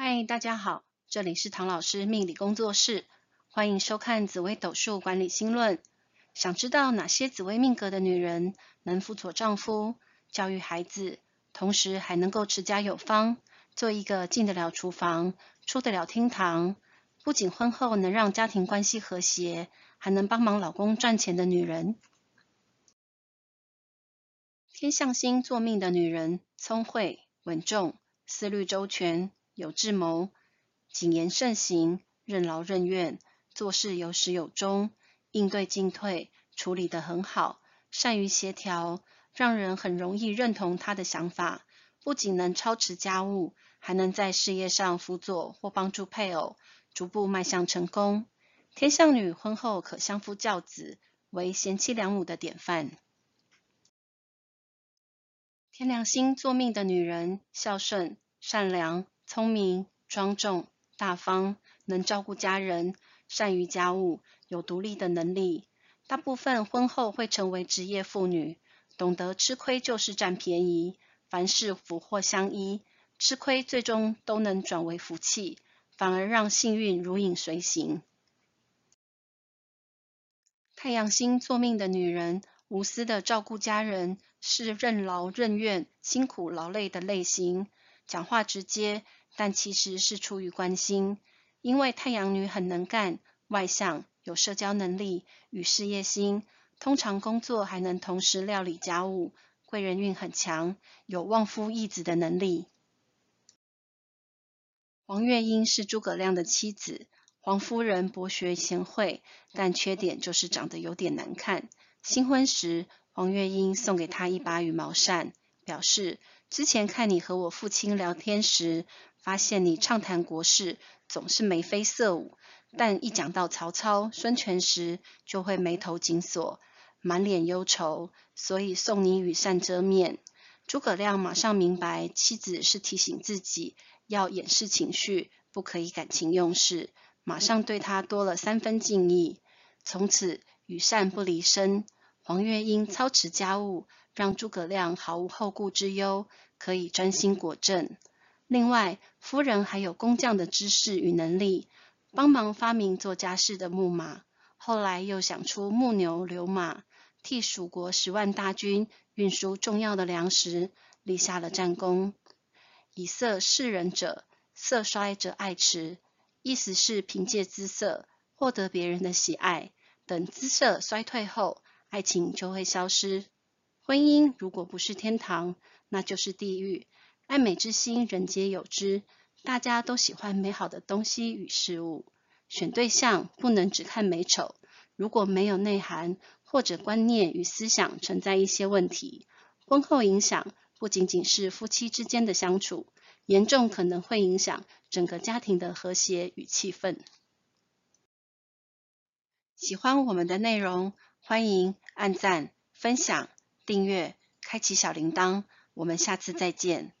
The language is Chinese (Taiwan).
嗨，大家好，這裡是唐老師命理工作室，歡迎收看紫微斗數管理新論。想知道哪些紫微命格的女人能輔佐丈夫、教育孩子，同時還能夠持家有方，做一個進得了廚房、出得了廳堂，不僅婚後能讓家庭關係和諧，還能幫忙老公賺錢的女人？天相星坐命的女人，聰慧、穩重、思慮周全。有智謀，謹言慎行，任勞任怨，做事有始有終，應對進退處理得很好，善於協調，讓人很容易認同他的想法。不僅能操持家務，還能在事業上輔佐或幫助配偶，逐步邁向成功。天相女婚後可相夫教子，為賢妻良母的典範。天梁星做命的女人，孝順、善良。聰明、莊重大方，能照顧家人，善於家務，有獨立的能力。大部分婚後會成為職業婦女，懂得吃虧就是占便宜，凡事福禍相依，吃虧最終都能轉為福氣，反而讓幸運如影隨形。太陽星坐命的女人，無私的照顧家人，是任勞任怨、辛苦勞累的類型，講話直接。但其實是出於關心，因為太陽女很能幹、外向、有社交能力與事業心，通常工作還能同時料理家務，貴人運很強，有旺夫益子的能力。黃月英是諸葛亮的妻子，黃夫人博學賢惠，但缺點就是長得有點難看。新婚時，黃月英送給她一把羽毛扇。表示之前看你和我父親聊天時，發現你暢談國事總是眉飛色舞，但一講到曹操、孫權時就會眉頭緊鎖，滿臉憂愁。所以送你羽扇遮面。諸葛亮馬上明白妻子是提醒自己要掩飾情緒，不可以感情用事，馬上對她多了三分敬意。從此羽扇不離身。黃月英操持家務，讓諸葛亮毫無後顧之憂，可以專心國政。另外，夫人還有工匠的知識與能力，幫忙發明做家事的木馬。後來又想出木牛流馬，替蜀國十萬大軍運輸重要的糧食，立下了戰功。以色事人者，色衰者愛弛。意思是憑借姿色獲得別人的喜愛，等姿色衰退後，愛情就會消失。婚姻如果不是天堂，那就是地獄。愛美之心，人皆有之。大家都喜歡美好的東西與事物。選對象不能只看美醜。如果沒有內涵，或者觀念與思想存在一些問題，婚後影響不僅僅是夫妻之間的相處，嚴重可能會影響整個家庭的和諧與氣氛。喜歡我們的內容，歡迎按讚、分享、訂閱、開啟小鈴鐺，我們下次再見。